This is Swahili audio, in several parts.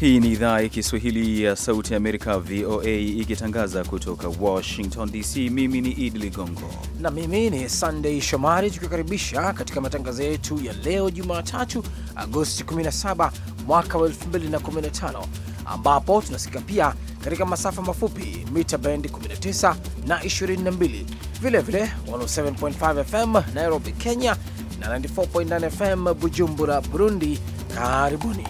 Hii ni idhaa ya Kiswahili ya Sauti ya Amerika, VOA, ikitangaza kutoka Washington DC. Mimi ni Idi Ligongo na mimi ni Sandei Shomari, tukikaribisha katika matangazo yetu ya leo Jumatatu, Agosti 17 mwaka wa 2015 ambapo tunasikika pia katika masafa mafupi mita bendi 19 na 22, vilevile 107.5 FM Nairobi, Kenya na 94.9 FM Bujumbura, Burundi. Karibuni.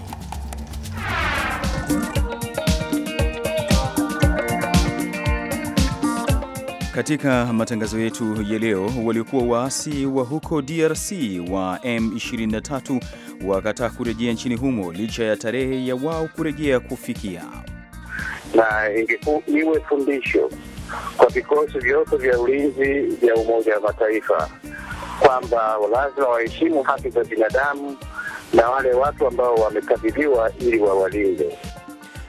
Katika matangazo yetu ya leo, waliokuwa waasi wa huko DRC wa M23 wakataa kurejea nchini humo licha ya tarehe ya wao kurejea kufikia. Na iwe fundisho kwa vikosi vyote vya ulinzi vya Umoja wa Mataifa kwamba lazima waheshimu haki za binadamu na wale watu ambao wamekabidhiwa ili wawalinde.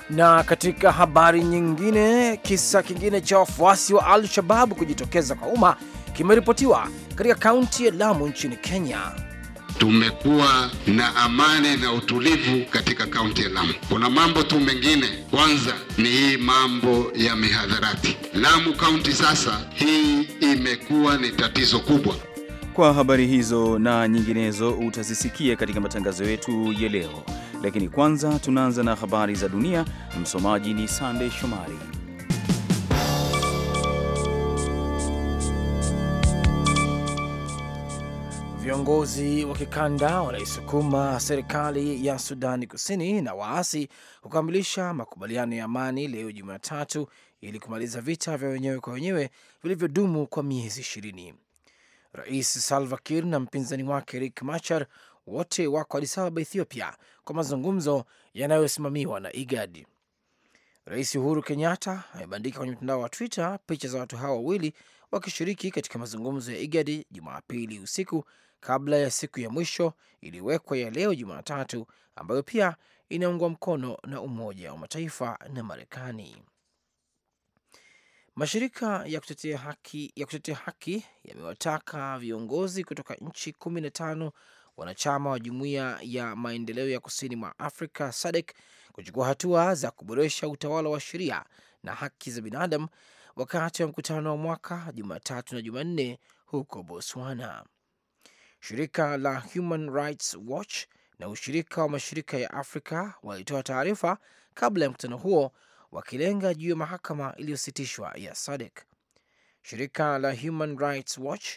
Na katika habari nyingine, kisa kingine cha wafuasi wa Al Shababu kujitokeza kwa umma kimeripotiwa katika kaunti ya Lamu nchini Kenya. Tumekuwa na amani na utulivu katika kaunti ya Lamu. Kuna mambo tu mengine, kwanza ni hii mambo ya mihadharati. Lamu kaunti sasa hii imekuwa ni tatizo kubwa. Kwa habari hizo na nyinginezo utazisikia katika matangazo yetu ya leo, lakini kwanza tunaanza na habari za dunia. Msomaji ni Sandey Shomari. Viongozi wa kikanda wanaisukuma serikali ya Sudani Kusini na waasi kukamilisha makubaliano ya amani leo Jumatatu ili kumaliza vita vya wenyewe kwa wenyewe vilivyodumu kwa miezi ishirini. Rais Salva Kiir na mpinzani wake rik Machar wote wako Adis Ababa, Ethiopia, kwa mazungumzo yanayosimamiwa na IGAD. Rais Uhuru Kenyatta amebandika kwenye mtandao wa Twitter picha za watu hao wawili wakishiriki katika mazungumzo ya IGAD Jumapili usiku kabla ya siku ya mwisho iliyowekwa ya leo Jumatatu, ambayo pia inaungwa mkono na Umoja wa Mataifa na Marekani. Mashirika ya kutetea haki ya kutetea haki yamewataka viongozi kutoka nchi kumi na tano wanachama wa jumuiya ya maendeleo ya kusini mwa Afrika SADC kuchukua hatua za kuboresha utawala wa sheria na haki za binadamu wakati wa mkutano wa mwaka Jumatatu na Jumanne huko Botswana. Shirika la Human Rights Watch na ushirika wa mashirika ya Afrika walitoa taarifa kabla ya mkutano huo wakilenga juu ya mahakama iliyositishwa ya Sadek. Shirika la Human Rights Watch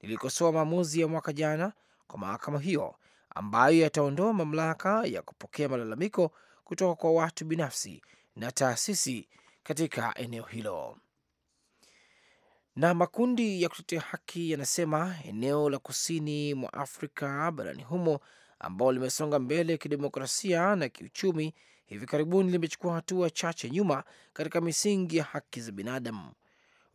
lilikosoa maamuzi ya mwaka jana kwa mahakama hiyo ambayo yataondoa mamlaka ya kupokea malalamiko kutoka kwa watu binafsi na taasisi katika eneo hilo. Na makundi ya kutetea haki yanasema eneo la kusini mwa Afrika barani humo ambao limesonga mbele kidemokrasia na kiuchumi hivi karibuni limechukua hatua chache nyuma katika misingi ya haki za binadamu.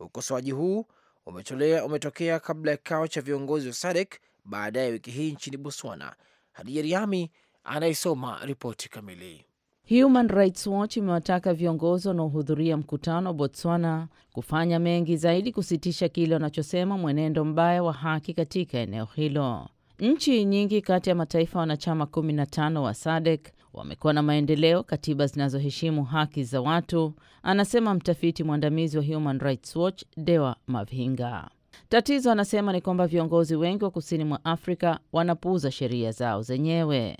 Ukosoaji huu umetolea, umetokea kabla ya kikao cha viongozi wa SADC baadaye wiki hii nchini Botswana. Hadija Riami anayesoma ripoti kamili. Human Rights Watch imewataka viongozi wanaohudhuria mkutano wa Botswana kufanya mengi zaidi kusitisha kile wanachosema mwenendo mbaya wa haki katika eneo hilo. Nchi nyingi kati ya mataifa wanachama 15 wa SADC wamekuwa na maendeleo, katiba zinazoheshimu haki za watu, anasema mtafiti mwandamizi wa Human Rights Watch Dewa Mavhinga. Tatizo anasema ni kwamba viongozi wengi wa kusini mwa Afrika wanapuuza sheria zao zenyewe.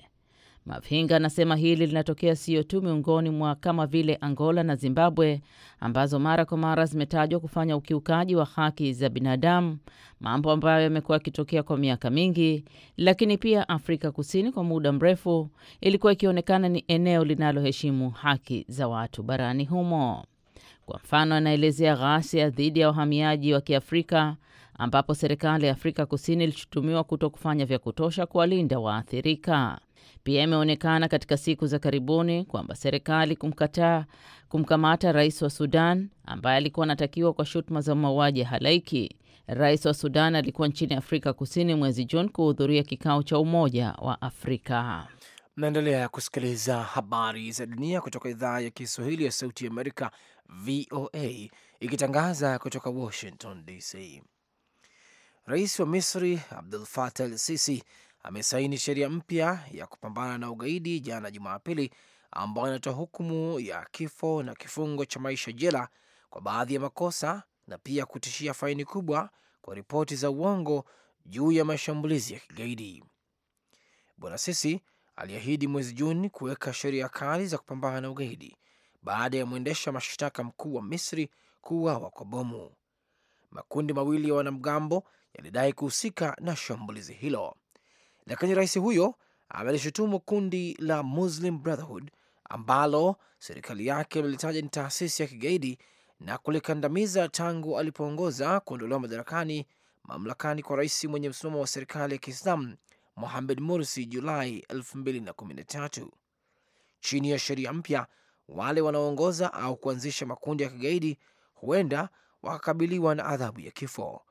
Mafinga anasema hili linatokea sio tu miongoni mwa kama vile Angola na Zimbabwe ambazo mara kwa mara zimetajwa kufanya ukiukaji wa haki za binadamu, mambo ambayo yamekuwa yakitokea kwa miaka mingi, lakini pia Afrika Kusini kwa muda mrefu ilikuwa ikionekana ni eneo linaloheshimu haki za watu barani humo. Kwa mfano, anaelezea ghasia dhidi ya wahamiaji wa Kiafrika ambapo serikali ya Afrika Kusini ilishutumiwa kuto kufanya vya kutosha kuwalinda waathirika. Pia imeonekana katika siku za karibuni kwamba serikali kumkataa kumkamata rais wa Sudan ambaye alikuwa anatakiwa kwa shutuma za mauaji ya halaiki. Rais wa Sudan alikuwa nchini Afrika Kusini mwezi Juni kuhudhuria kikao cha Umoja wa Afrika. Mnaendelea kusikiliza habari za dunia kutoka idhaa ya Kiswahili ya Sauti ya Amerika, VOA, ikitangaza kutoka Washington DC. Rais wa Misri Abdul Fatah al Sisi amesaini sheria mpya ya kupambana na ugaidi jana Jumapili, ambayo inatoa hukumu ya kifo na kifungo cha maisha jela kwa baadhi ya makosa na pia kutishia faini kubwa kwa ripoti za uongo juu ya mashambulizi ya kigaidi. Bwana Sisi aliahidi mwezi Juni kuweka sheria kali za kupambana na ugaidi baada ya mwendesha mashtaka mkuu wa Misri kuuawa kwa bomu. Makundi mawili ya wanamgambo yalidai kuhusika na shambulizi hilo lakini rais huyo amelishutumu kundi la Muslim Brotherhood ambalo serikali yake lilitaja ni taasisi ya kigaidi na kulikandamiza tangu alipoongoza kuondolewa madarakani mamlakani kwa rais mwenye msimamo wa serikali ya Kiislamu Mohamed Mursi Julai 2013. Chini ya sheria mpya, wale wanaoongoza au kuanzisha makundi ya kigaidi huenda wakakabiliwa na adhabu ya kifo.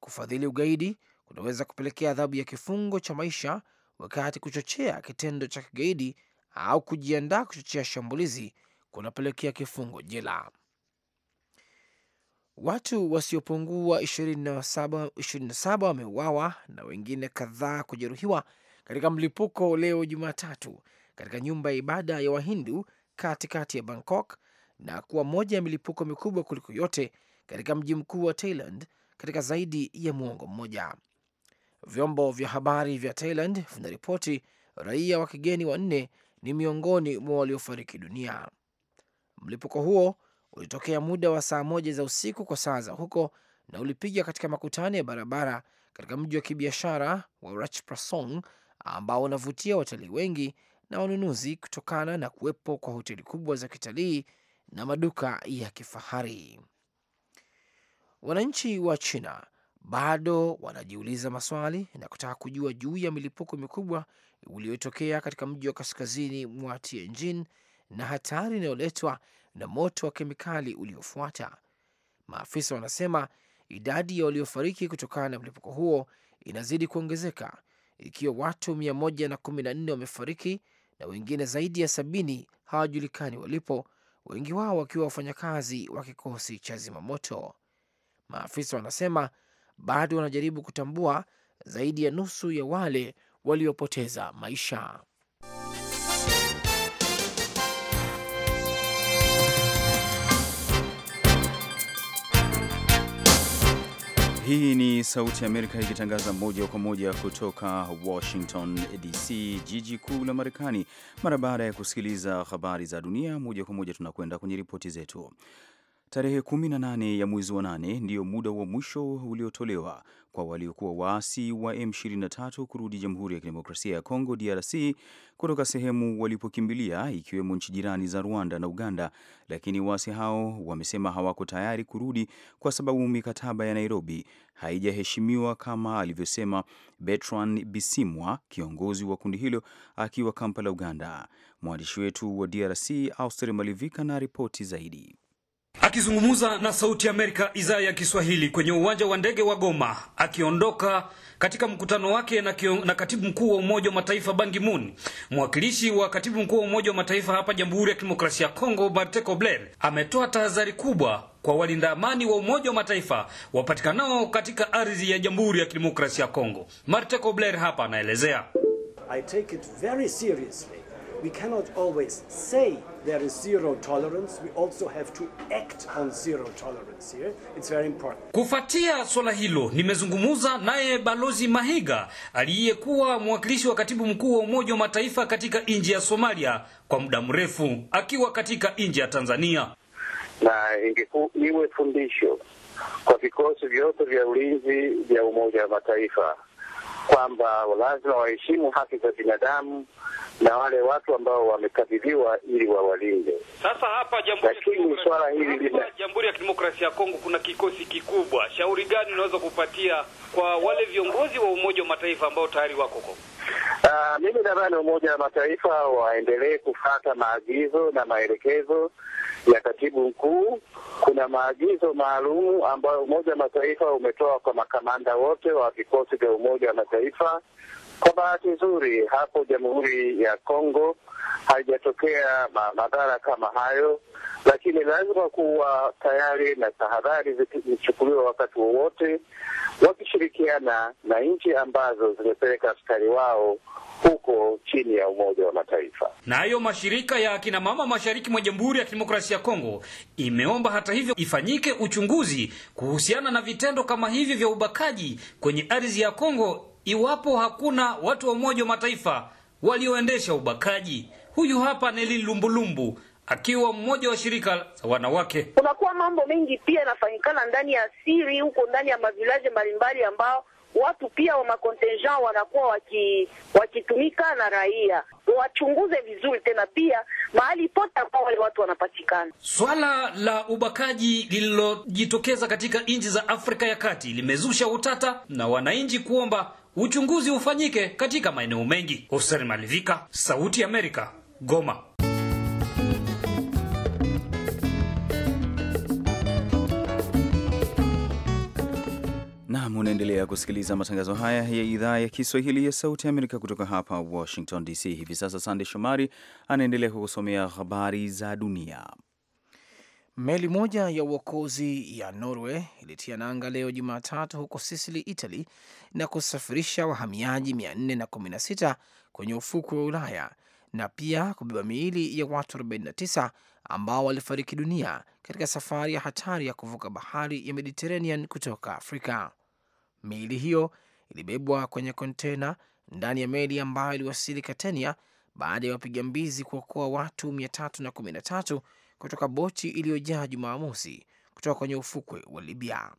Kufadhili ugaidi kunaweza kupelekea adhabu ya kifungo cha maisha wakati kuchochea kitendo cha kigaidi au kujiandaa kuchochea shambulizi kunapelekea kifungo jela. Watu wasiopungua 27 wameuawa na wengine kadhaa kujeruhiwa katika mlipuko leo Jumatatu katika nyumba ya ibada ya Wahindu katikati ya Bangkok na kuwa moja ya milipuko mikubwa kuliko yote katika mji mkuu wa Thailand katika zaidi ya muongo mmoja. Vyombo vya habari vya Thailand vinaripoti raia wa kigeni wanne ni miongoni mwa waliofariki dunia. Mlipuko huo ulitokea muda wa saa moja za usiku kwa saa za huko na ulipiga katika makutano ya barabara katika mji wa kibiashara wa Ratchaprasong ambao unavutia watalii wengi na wanunuzi kutokana na kuwepo kwa hoteli kubwa za kitalii na maduka ya kifahari. Wananchi wa China bado wanajiuliza maswali na kutaka kujua juu ya milipuko mikubwa uliotokea katika mji wa kaskazini mwa Tianjin na hatari inayoletwa na moto wa kemikali uliofuata. Maafisa wanasema idadi ya waliofariki kutokana na mlipuko huo inazidi kuongezeka, ikiwa watu 114 wamefariki na wengine zaidi ya sabini hawajulikani walipo, wengi wao wakiwa wafanyakazi wa kikosi cha zimamoto. Maafisa wanasema bado wanajaribu kutambua zaidi ya nusu ya wale waliopoteza maisha. Hii ni Sauti ya Amerika ikitangaza moja kwa moja kutoka Washington DC, jiji kuu la Marekani. Mara baada ya kusikiliza habari za dunia moja kwa moja, tunakwenda kwenye ripoti zetu. Tarehe 18 ya mwezi wa nane ndiyo muda wa mwisho uliotolewa kwa waliokuwa waasi wa M23 kurudi Jamhuri ya Kidemokrasia ya Kongo DRC kutoka sehemu walipokimbilia ikiwemo nchi jirani za Rwanda na Uganda, lakini waasi hao wamesema hawako tayari kurudi kwa sababu mikataba ya Nairobi haijaheshimiwa kama alivyosema Bertrand Bisimwa, kiongozi wa kundi hilo akiwa Kampala, Uganda. Mwandishi wetu wa DRC Auster Malivika na ripoti zaidi. Akizungumza na Sauti ya Amerika idhaa ya Kiswahili kwenye uwanja wa ndege wa Goma akiondoka katika mkutano wake na, kio, na katibu mkuu wa Umoja wa Mataifa Ban Ki-moon, mwakilishi wa katibu mkuu wa Umoja wa Mataifa hapa Jamhuri ya Kidemokrasia ya Kongo Bartek Obler ametoa tahadhari kubwa kwa walinda amani wa Umoja wa Mataifa wapatikanao katika ardhi ya Jamhuri ya Kidemokrasia ya Kongo. Bartek Obler hapa anaelezea. I take it very seriously. We cannot always say there is zero tolerance. We also have to act on zero tolerance here. It's very important. Kufuatia swala hilo, nimezungumza naye Balozi Mahiga aliyekuwa mwakilishi wa katibu mkuu wa Umoja wa Mataifa katika nchi ya Somalia kwa muda mrefu akiwa katika nchi ya Tanzania, na iwe fundisho kwa vikosi vyote vya ulinzi vya Umoja wa Mataifa kwamba lazima waheshimu haki za binadamu na wale watu ambao wamekabidhiwa ili wawalinde. Sasa hapa Jamhuri ya Kidemokrasia ya Kongo kuna kikosi kikubwa. Shauri gani unaweza kupatia kwa wale viongozi wa Umoja wa Mataifa ambao tayari wako huko? Uh, ah, mimi nadhani Umoja wa Mataifa waendelee kufata maagizo na maelekezo ya katibu mkuu. Kuna maagizo maalum ambayo Umoja wa Mataifa umetoa kwa makamanda wote wa vikosi vya Umoja wa Mataifa kwa bahati nzuri, hapo Jamhuri ya Kongo haijatokea madhara kama hayo, lakini lazima kuwa tayari na tahadhari zichukuliwa wakati wowote, wakishirikiana na nchi ambazo zimepeleka askari wao huko chini ya Umoja wa Mataifa. Nayo na mashirika ya akina mama mashariki mwa Jamhuri ya Kidemokrasia ya Kongo imeomba hata hivyo ifanyike uchunguzi kuhusiana na vitendo kama hivi vya ubakaji kwenye ardhi ya Kongo iwapo hakuna watu wa Umoja wa Mataifa walioendesha ubakaji. Huyu hapa Neli Lumbulumbu akiwa mmoja wa shirika za wanawake. Kunakuwa mambo mengi pia yanafanyikana ndani ya siri huko ndani ya mavilaje mbalimbali, ambao watu pia wa makontenja wanakuwa waki, wakitumika na raia. Wachunguze vizuri tena pia mahali pote ambao wale watu wanapatikana. Swala la ubakaji lililojitokeza katika nchi za Afrika ya Kati limezusha utata na wananchi kuomba uchunguzi ufanyike katika maeneo mengi. Hussein Malivika, Sauti Amerika, Goma. unaendelea kusikiliza matangazo haya ya idhaa ya Kiswahili ya Sauti ya Amerika kutoka hapa Washington DC. Hivi sasa Sande Shomari anaendelea kukusomea habari za dunia. Meli moja ya uokozi ya Norway ilitia nanga leo Jumatatu huko Sisili, Italy, na kusafirisha wahamiaji 416 kwenye ufukwe wa Ulaya na pia kubeba miili ya watu 49 ambao walifariki dunia katika safari ya hatari ya kuvuka bahari ya Mediterranean kutoka Afrika. Miili hiyo ilibebwa kwenye kontena ndani ya meli ambayo iliwasili Catania baada ya wapiga mbizi kuokoa watu 313 kutoka boti iliyojaa Jumamosi kutoka kwenye ufukwe wa Libya.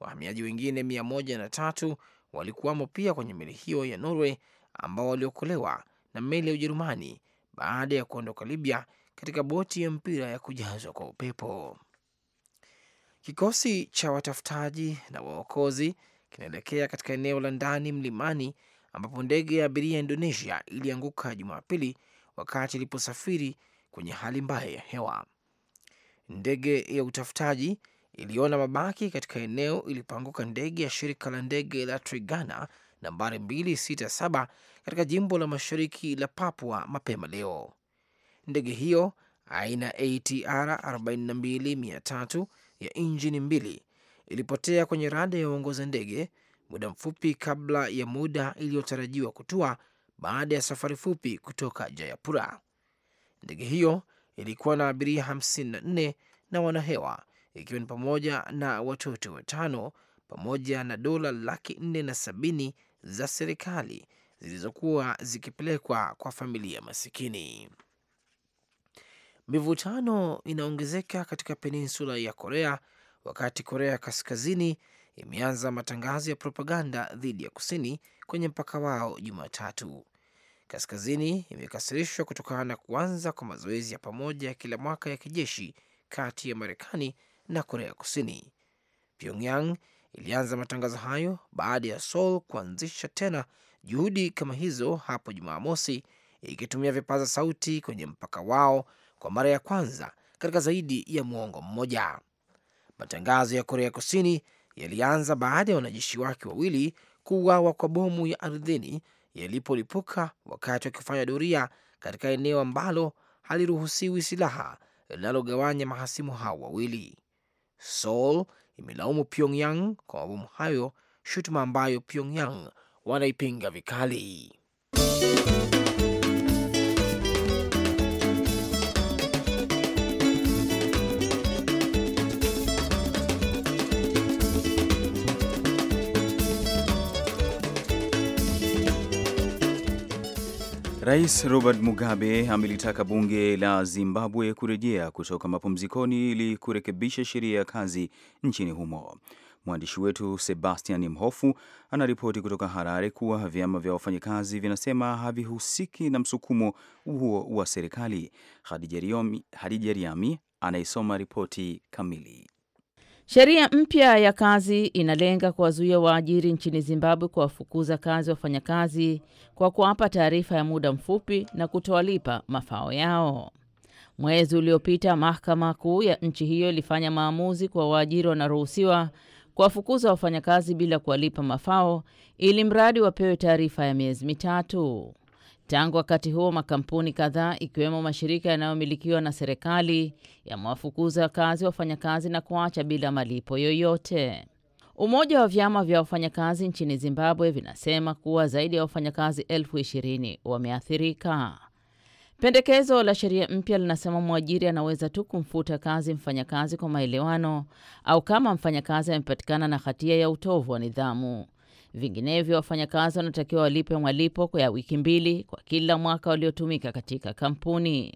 Wahamiaji wengine mia moja na tatu walikuwamo pia kwenye meli hiyo ya Norway ambao waliokolewa na meli ya Ujerumani baada ya kuondoka Libya katika boti ya mpira ya kujazwa kwa upepo. Kikosi cha watafutaji na waokozi kinaelekea katika eneo la ndani mlimani ambapo ndege ya abiria ya Indonesia ilianguka Jumapili wakati iliposafiri kwenye hali mbaya ya hewa. Ndege ya utafutaji iliona mabaki katika eneo ilipoanguka ndege ya shirika la ndege la Trigana nambari 267 katika jimbo la mashariki la Papua mapema leo. Ndege hiyo aina ATR 42300 ya injini mbili ilipotea kwenye rada ya uongoza ndege muda mfupi kabla ya muda iliyotarajiwa kutua baada ya safari fupi kutoka Jayapura. Ndege hiyo ilikuwa na abiria nne na wanahewa, ikiwa ni pamoja na watoto watano, pamoja na dola laki nne na sabini za serikali zilizokuwa zikipelekwa kwa familia masikini. Mivutano inaongezeka katika peninsula ya Korea wakati Korea Kaskazini imeanza matangazo ya propaganda dhidi ya Kusini kwenye mpaka wao Jumatatu. Kaskazini imekasirishwa kutokana na kuanza kwa mazoezi ya pamoja ya kila mwaka ya kijeshi kati ya Marekani na Korea Kusini. Pyongyang ilianza matangazo hayo baada ya Seoul kuanzisha tena juhudi kama hizo hapo Jumamosi, ikitumia vipaza sauti kwenye mpaka wao kwa mara ya kwanza katika zaidi ya mwongo mmoja. Matangazo ya Korea Kusini yalianza baada ya wanajeshi wake wawili kuuawa kwa bomu ya ardhini yalipolipuka wakati wakifanya doria katika eneo ambalo haliruhusiwi silaha linalogawanya mahasimu hao wawili. Seoul imelaumu Pyongyang kwa mabomu hayo, shutuma ambayo Pyongyang wanaipinga vikali. Rais Robert Mugabe amelitaka bunge la Zimbabwe kurejea kutoka mapumzikoni ili kurekebisha sheria ya kazi nchini humo. Mwandishi wetu Sebastian Mhofu anaripoti kutoka Harare kuwa vyama vya wafanyakazi vinasema havihusiki na msukumo huo wa serikali. Hadija Riami anaisoma ripoti kamili. Sheria mpya ya kazi inalenga kuwazuia waajiri nchini Zimbabwe kuwafukuza kazi wafanyakazi kwa kuwapa taarifa ya muda mfupi na kutowalipa mafao yao. Mwezi uliopita, mahakama kuu ya nchi hiyo ilifanya maamuzi kwa waajiri wanaruhusiwa kuwafukuza wafanyakazi bila kuwalipa mafao ili mradi wapewe taarifa ya miezi mitatu. Tangu wakati huo makampuni kadhaa ikiwemo mashirika yanayomilikiwa na serikali yamewafukuza kazi wafanyakazi na kuacha bila malipo yoyote. Umoja wa vyama vya wafanyakazi nchini Zimbabwe vinasema kuwa zaidi ya wafanyakazi elfu ishirini wameathirika. Pendekezo la sheria mpya linasema mwajiri anaweza tu kumfuta kazi mfanyakazi kwa maelewano au kama mfanyakazi amepatikana na hatia ya utovu wa nidhamu. Vinginevyo, wafanyakazi wanatakiwa walipe mwalipo ya wiki mbili kwa kila mwaka waliotumika katika kampuni.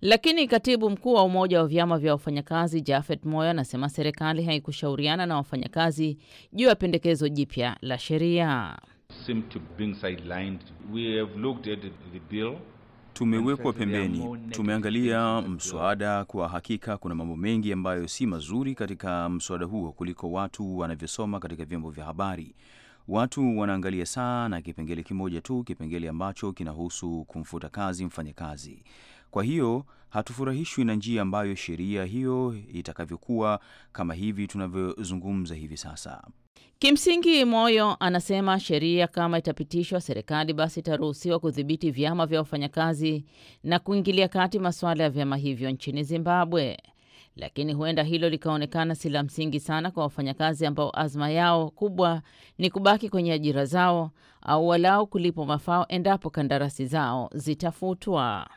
Lakini katibu mkuu wa umoja wa vyama vya wafanyakazi Jafet Moyo anasema serikali haikushauriana na wafanyakazi juu ya pendekezo jipya la sheria. Tumewekwa pembeni, tumeangalia mswada. Kwa hakika kuna mambo mengi ambayo si mazuri katika mswada huo kuliko watu wanavyosoma katika vyombo vya habari watu wanaangalia sana kipengele kimoja tu, kipengele ambacho kinahusu kumfuta kazi mfanyakazi. Kwa hiyo hatufurahishwi na njia ambayo sheria hiyo itakavyokuwa kama hivi tunavyozungumza hivi sasa. Kimsingi, Moyo anasema sheria kama itapitishwa, serikali basi itaruhusiwa kudhibiti vyama vya wafanyakazi na kuingilia kati masuala ya vyama hivyo nchini Zimbabwe lakini huenda hilo likaonekana si la msingi sana kwa wafanyakazi ambao azma yao kubwa ni kubaki kwenye ajira zao au walau kulipwa mafao endapo kandarasi zao zitafutwa.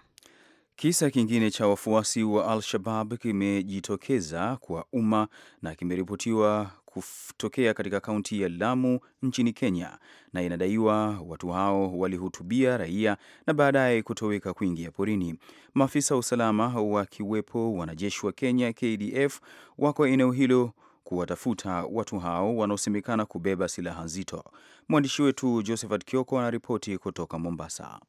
Kisa kingine cha wafuasi wa Al-Shabab kimejitokeza kwa umma na kimeripotiwa kutokea katika kaunti ya Lamu nchini Kenya, na inadaiwa watu hao walihutubia raia na baadaye kutoweka kuingia porini. Maafisa wa usalama wakiwepo wanajeshi wa Kenya KDF wako eneo hilo kuwatafuta watu hao wanaosemekana kubeba silaha nzito. Mwandishi wetu Josephat Kioko anaripoti kutoka Mombasa.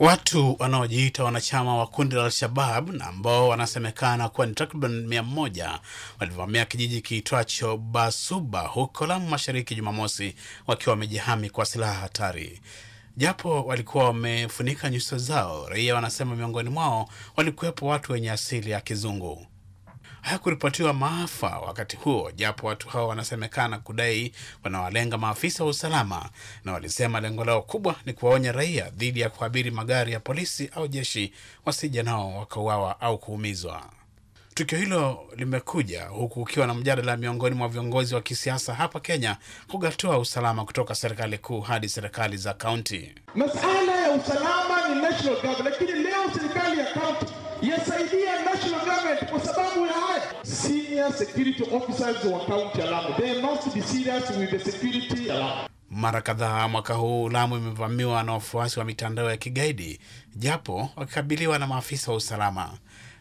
Watu wanaojiita wanachama wa kundi la Al-Shabab na ambao wanasemekana kuwa ni takriban mia moja walivamia kijiji kiitwacho Basuba huko Lamu Mashariki Jumamosi, wakiwa wamejihami kwa silaha hatari. Japo walikuwa wamefunika nyuso zao, raia wanasema miongoni mwao walikuwepo watu wenye asili ya Kizungu hakuripotiwa maafa wakati huo, japo watu hao wanasemekana kudai wanawalenga maafisa wa usalama, na walisema lengo lao kubwa ni kuwaonya raia dhidi ya kuabiri magari ya polisi au jeshi, wasija nao wakauawa au kuumizwa. Tukio hilo limekuja huku ukiwa na mjadala miongoni mwa viongozi wa kisiasa hapa Kenya kugatua usalama kutoka serikali kuu hadi serikali za kaunti. Masala ya usalama ni national government, lakini senior security officers wa kaunti ya Lamu. They must be serious with the security ya Lamu. Mara kadhaa mwaka huu Lamu imevamiwa na wafuasi wa mitandao ya kigaidi, japo wakikabiliwa na maafisa wa usalama.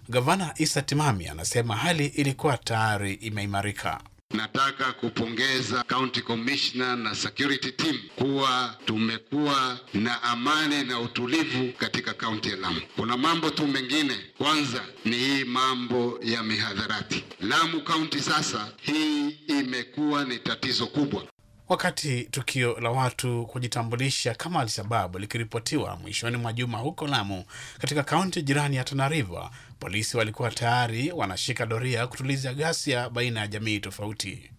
Gavana Isa Timami anasema hali ilikuwa tayari imeimarika. Nataka kupongeza County Commissioner na security team kuwa tumekuwa na amani na utulivu katika kaunti ya Lamu. Kuna mambo tu mengine, kwanza ni hii mambo ya mihadharati. Lamu County sasa hii imekuwa ni tatizo kubwa. Wakati tukio la watu kujitambulisha kama Alshababu likiripotiwa mwishoni mwa juma huko Lamu katika kaunti jirani ya Tana River polisi walikuwa tayari wanashika doria kutuliza ghasia baina ya jamii tofauti.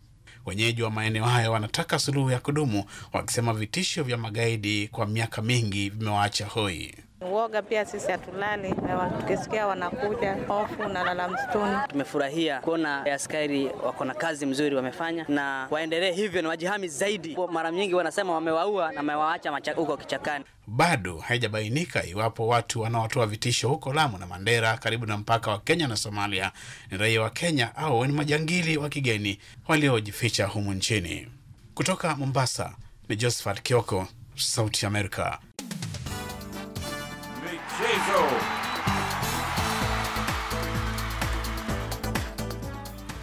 Wenyeji wa maeneo hayo wanataka suluhu ya kudumu, wakisema vitisho vya magaidi kwa miaka mingi vimewaacha hoi. Uoga pia sisi hatulali, tukisikia wanakuja hofu na lala msituni. Tumefurahia kuona askari wako na kazi mzuri wamefanya, na waendelee hivyo na wajihami zaidi. Mara nyingi wanasema wamewaua na wamewaacha huko kichakani. Bado haijabainika iwapo watu wanaotoa vitisho huko Lamu na Mandera, karibu na mpaka wa Kenya na Somalia, ni raia wa Kenya au ni majangili wa kigeni waliojificha humu nchini. Kutoka Mombasa ni Josephat Kioko, Sauti Amerika.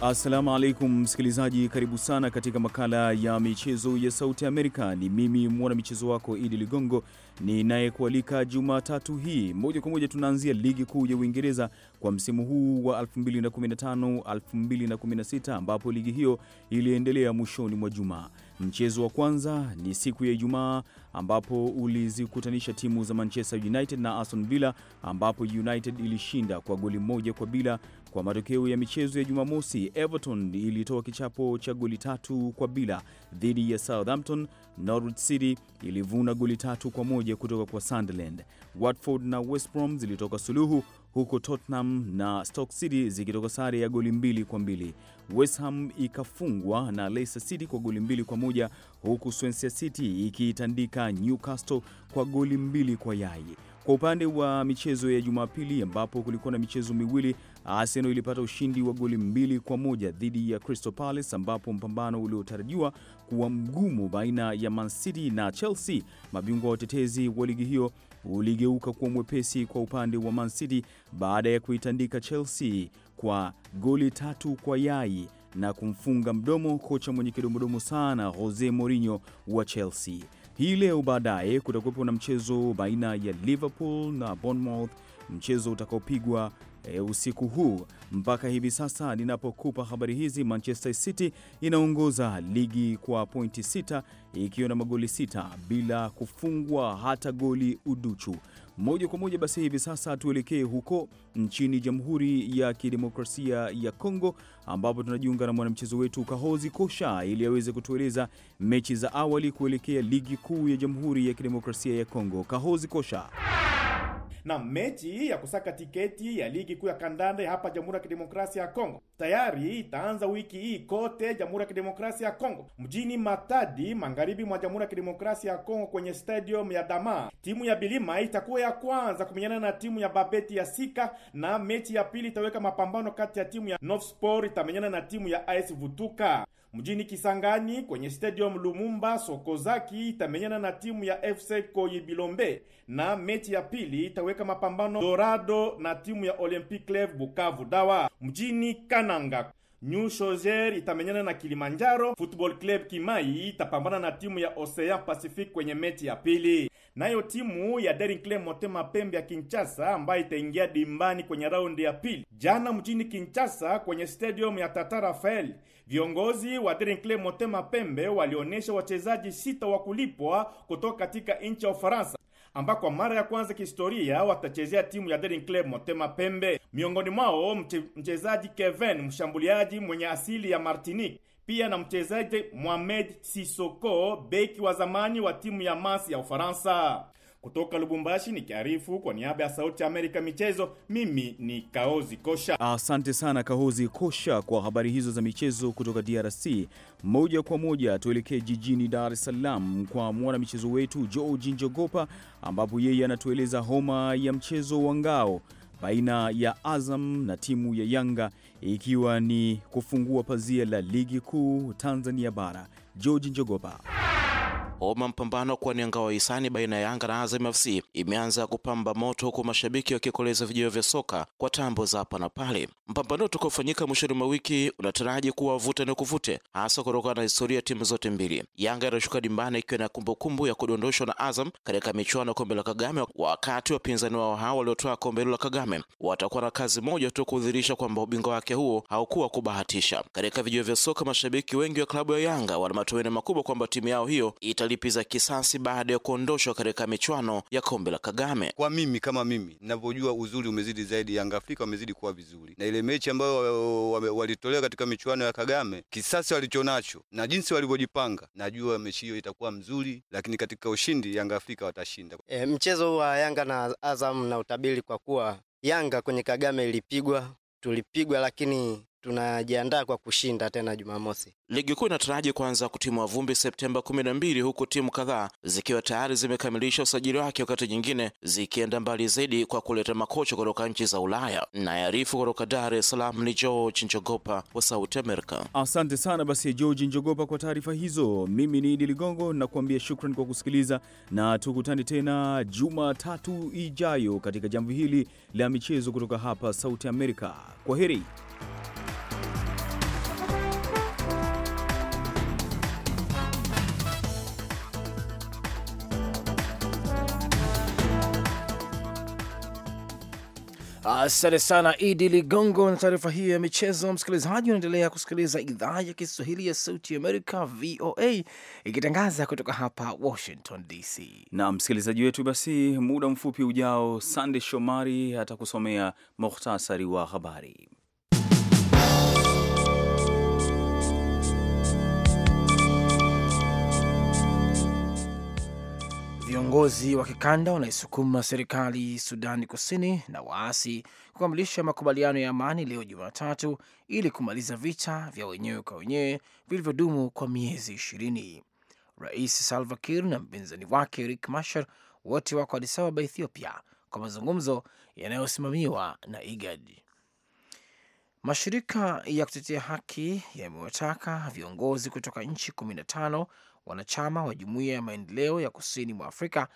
Assalamu alaikum msikilizaji, karibu sana katika makala ya michezo ya Sauti Amerika. Ni mimi michezo wako Idi Ligongo ninayekualika Jumatatu hii moja kwa moja. Tunaanzia ligi kuu ya Uingereza kwa msimu huu wa 2015 2016 ambapo ligi hiyo iliendelea mwishoni mwa jumaa Mchezo wa kwanza ni siku ya Ijumaa ambapo ulizikutanisha timu za Manchester United na Aston Villa ambapo United ilishinda kwa goli moja kwa bila. Kwa matokeo ya michezo ya Jumamosi, Everton ilitoa kichapo cha goli tatu kwa bila dhidi ya Southampton. Norwich City ilivuna goli tatu kwa moja kutoka kwa Sunderland. Watford na West Brom zilitoka suluhu huku Tottenham na Stoke City zikitoka sare ya goli mbili kwa mbili. West Ham ikafungwa na Leicester City kwa goli mbili kwa moja huku Swansea City ikiitandika Newcastle kwa goli mbili kwa yai. Kwa upande wa michezo ya Jumapili ambapo kulikuwa na michezo miwili, Arsenal ilipata ushindi wa goli mbili kwa moja dhidi ya Crystal Palace, ambapo mpambano uliotarajiwa kuwa mgumu baina ya Man City na Chelsea, mabingwa watetezi wa ligi hiyo, uligeuka kuwa mwepesi kwa upande wa Man City baada ya kuitandika Chelsea kwa goli tatu kwa yai na kumfunga mdomo kocha mwenye kidomodomo sana Jose Mourinho wa Chelsea. Hii leo baadaye kutakuwepo na mchezo baina ya Liverpool na Bournemouth, mchezo utakaopigwa e, usiku huu. Mpaka hivi sasa ninapokupa habari hizi, Manchester City inaongoza ligi kwa pointi sita ikiwa na magoli sita bila kufungwa hata goli uduchu. Moja kwa moja basi, hivi sasa tuelekee huko nchini Jamhuri ya Kidemokrasia ya Kongo, ambapo tunajiunga na mwanamchezo wetu Kahozi Kosha ili aweze kutueleza mechi za awali kuelekea ligi kuu ya Jamhuri ya Kidemokrasia ya Kongo. Kahozi Kosha na mechi ya kusaka tiketi ya ligi kuu ya kandanda ya hapa Jamhuri ya Kidemokrasia ya Kongo tayari itaanza wiki hii kote Jamhuri ya Kidemokrasia ya Kongo, mjini Matadi, magharibi mwa Jamhuri ya Kidemokrasia ya Kongo, kwenye stadium ya Dama. Timu ya Bilima itakuwa ya kwanza kumenyana na timu ya Babeti ya Sika, na mechi ya pili itaweka mapambano kati ya timu ya Sport itamenyana na timu ya AS Vutuka mjini Kisangani kwenye stadium Lumumba. Sokozaki itamenyana na timu ya FC Koyibilombe, na mechi ya pili itaweka mapambano Dorado na timu ya Olympic Club Bukavu Dawa. Mjini Kananga New Shoger itamenyana na Kilimanjaro Football Club. Kimai itapambana na timu ya Ocean Pacific kwenye mechi ya pili. Nayo timu ya Daring Club Motema Pembe ya Kinshasa ambayo itaingia dimbani kwenye raundi ya pili jana mjini Kinshasa kwenye stadium ya Tata Rafael. Viongozi wa Daring Club Motema Pembe walionyesha wachezaji sita wa kulipwa kutoka katika nchi ya Ufaransa ambako kwa mara ya kwanza kihistoria watachezea timu ya Daring Club Motema Pembe. Miongoni mwao mchezaji Kevin, mshambuliaji mwenye asili ya Martinique pia na mchezaji Mohamed sisoko beki wa zamani wa timu ya Masi ya Ufaransa. Kutoka Lubumbashi kiarifu kwa niaba ya Sauti ya Amerika michezo, mimi ni Kaozi Kosha. Asante sana Kaozi Kosha kwa habari hizo za michezo kutoka DRC. Moja kwa moja tuelekee jijini Dar es Salaam kwa mwanamichezo wetu georgi Njogopa, ambapo yeye anatueleza homa ya mchezo wa ngao baina ya Azam na timu ya Yanga ikiwa ni kufungua pazia la ligi kuu Tanzania bara. George Njogopa. Homa mpambano kwa ngao wa hisani baina ya Yanga na Azam FC imeanza kupamba moto, huku mashabiki wakikoleza vijio vya soka kwa tambo za hapa na pale. Mpambano utakaofanyika mwishoni mwa wiki unataraji kuwa vuta na kuvute, hasa kutokana na historia ya timu zote mbili. Yanga inashuka dimbani ikiwa na kumbukumbu ya kudondoshwa na Azam katika michuano ya kombe la Kagame, wakati wapinzani wao hao waliotoa kombe hilo la Kagame watakuwa na kazi moja tu, kudhihirisha kwamba ubingwa wake huo haukuwa kubahatisha. Katika vijio vya soka, mashabiki wengi wa klabu ya Yanga wana matumaini makubwa kwamba timu yao hiyo ita atalipiza kisasi baada ya kuondoshwa katika michuano ya kombe la Kagame. Kwa mimi kama mimi ninavyojua, uzuri umezidi zaidi, Yanga Afrika wamezidi kuwa vizuri, na ile mechi ambayo walitolewa katika michuano ya Kagame, kisasi walichonacho na jinsi walivyojipanga, najua mechi hiyo itakuwa mzuri, lakini katika ushindi Yanga Afrika watashinda. E, mchezo wa Yanga na Azam na utabiri kwa kuwa Yanga kwenye Kagame ilipigwa tulipigwa lakini tunajiandaa kwa kushinda tena Jumamosi. Ligi kuu inataraji kuanza kutimwa vumbi Septemba kumi na mbili, huku timu kadhaa zikiwa tayari zimekamilisha usajili wake, wakati nyingine zikienda mbali zaidi kwa kuleta makocha kutoka nchi za Ulaya. Nayearifu kutoka Dar es Salaam ni George Njogopa wa Sauti Amerika. Asante sana basi George Njogopa kwa taarifa hizo. Mimi ni Idi Ligongo nakuambia shukran kwa kusikiliza, na tukutane tena Jumatatu ijayo katika jambo hili la michezo kutoka hapa Sauti Amerika. Kwa heri. Asante sana Idi Ligongo na taarifa hiyo ya michezo. Msikilizaji, unaendelea kusikiliza idhaa ya Kiswahili ya Sauti Amerika, VOA, ikitangaza kutoka hapa Washington DC. Na msikilizaji wetu, basi muda mfupi ujao, Sande Shomari atakusomea muhtasari wa habari. Viongozi wa kikanda wanaisukuma serikali Sudani Kusini na waasi kukamilisha makubaliano ya amani leo Jumatatu ili kumaliza vita vya wenyewe kwa wenyewe vilivyodumu kwa miezi ishirini. Rais Salva Kiir na mpinzani wake rik mashar wote wako Addis Ethiopia, kwa mazungumzo yanayosimamiwa na IGAD. Mashirika ya kutetea haki yamewataka viongozi kutoka nchi 15 wanachama wa Jumuiya ya Maendeleo ya Kusini mwa Afrika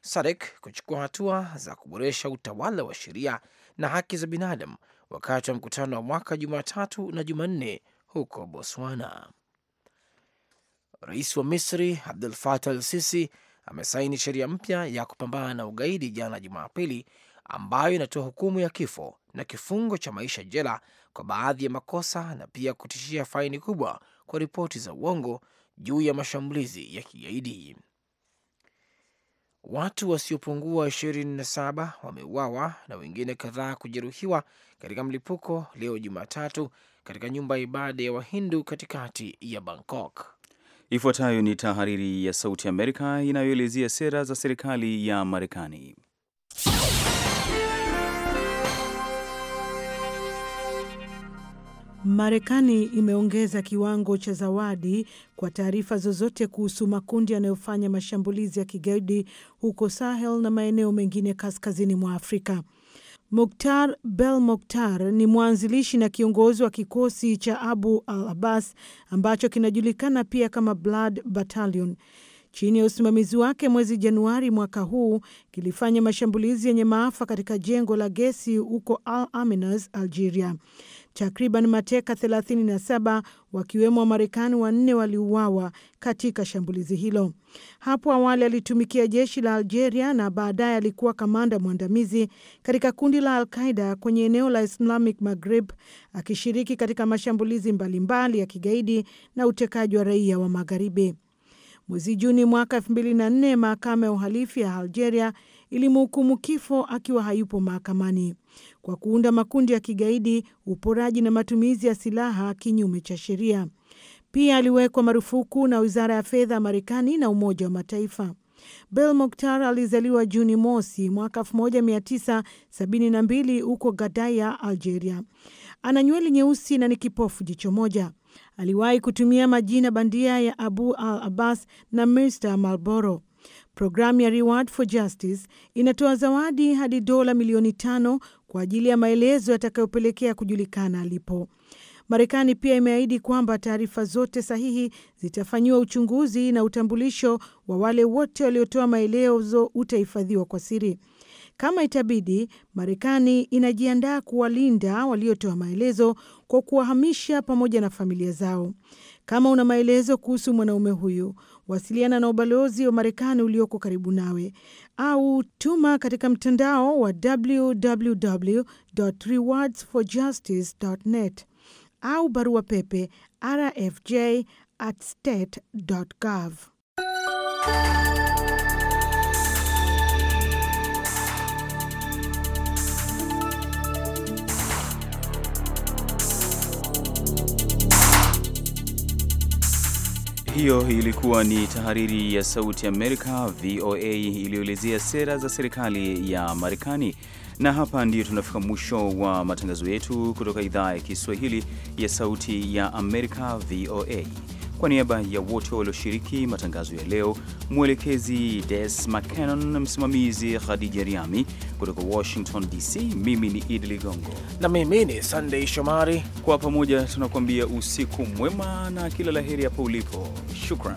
SADC kuchukua hatua za kuboresha utawala wa sheria na haki za binadamu wakati wa mkutano wa mwaka Jumatatu na Jumanne huko Botswana. Rais wa Misri Abdul Fatah Al Sisi amesaini sheria mpya ya kupambana na ugaidi jana Jumapili, ambayo inatoa hukumu ya kifo na kifungo cha maisha jela kwa baadhi ya makosa na pia kutishia faini kubwa kwa ripoti za uongo juu ya mashambulizi ya kigaidi. Watu wasiopungua 27 wameuawa na wengine kadhaa kujeruhiwa katika mlipuko leo Jumatatu katika nyumba ya ibada ya Wahindu katikati ya Bangkok. Ifuatayo ni tahariri ya Sauti Amerika inayoelezea sera za serikali ya Marekani. Marekani imeongeza kiwango cha zawadi kwa taarifa zozote kuhusu makundi yanayofanya mashambulizi ya kigaidi huko Sahel na maeneo mengine kaskazini mwa Afrika. Moktar Bel Moktar ni mwanzilishi na kiongozi wa kikosi cha Abu al Abbas ambacho kinajulikana pia kama Blood Battalion. Chini ya usimamizi wake, mwezi Januari mwaka huu kilifanya mashambulizi yenye maafa katika jengo la gesi huko Al Amenas, Algeria. Takriban mateka 37 wakiwemo Wamarekani wanne waliuawa katika shambulizi hilo. Hapo awali alitumikia jeshi la Algeria na baadaye alikuwa kamanda mwandamizi katika kundi la Alqaida kwenye eneo la Islamic Maghreb, akishiriki katika mashambulizi mbalimbali ya kigaidi na utekaji wa raia wa Magharibi. Mwezi Juni mwaka 2004 mahakama ya uhalifu ya Algeria ilimhukumu kifo akiwa hayupo mahakamani kwa kuunda makundi ya kigaidi, uporaji na matumizi ya silaha kinyume cha sheria. Pia aliwekwa marufuku na wizara ya fedha ya Marekani na Umoja wa Mataifa. Bel Moktar alizaliwa Juni mosi mwaka 1972 huko Gadaya, Algeria. Ana nywele nyeusi na ni kipofu jicho moja. Aliwahi kutumia majina bandia ya Abu Al Abbas na Mr Marlboro. Programu ya Reward for Justice inatoa zawadi hadi dola milioni tano kwa ajili ya maelezo yatakayopelekea kujulikana alipo. Marekani pia imeahidi kwamba taarifa zote sahihi zitafanyiwa uchunguzi na utambulisho wa wale wote waliotoa maelezo utahifadhiwa kwa siri. Kama itabidi, Marekani inajiandaa kuwalinda waliotoa maelezo kwa kuwahamisha pamoja na familia zao. Kama una maelezo kuhusu mwanaume huyu wasiliana na ubalozi wa Marekani ulioko karibu nawe au tuma katika mtandao wa www rewards for justice net au barua pepe rfj at state gov hiyo ilikuwa ni tahariri ya Sauti Amerika VOA iliyoelezea sera za serikali ya Marekani. Na hapa ndiyo tunafika mwisho wa matangazo yetu kutoka idhaa ya Kiswahili ya Sauti ya Amerika VOA. Kwa niaba ya wote walioshiriki matangazo ya leo, mwelekezi Des Mcanon, msimamizi Khadija Riami kutoka Washington DC, mimi ni Idi Ligongo na mimi ni sandey Shomari. Kwa pamoja tunakuambia usiku mwema na kila laheri hapo ulipo. Shukran.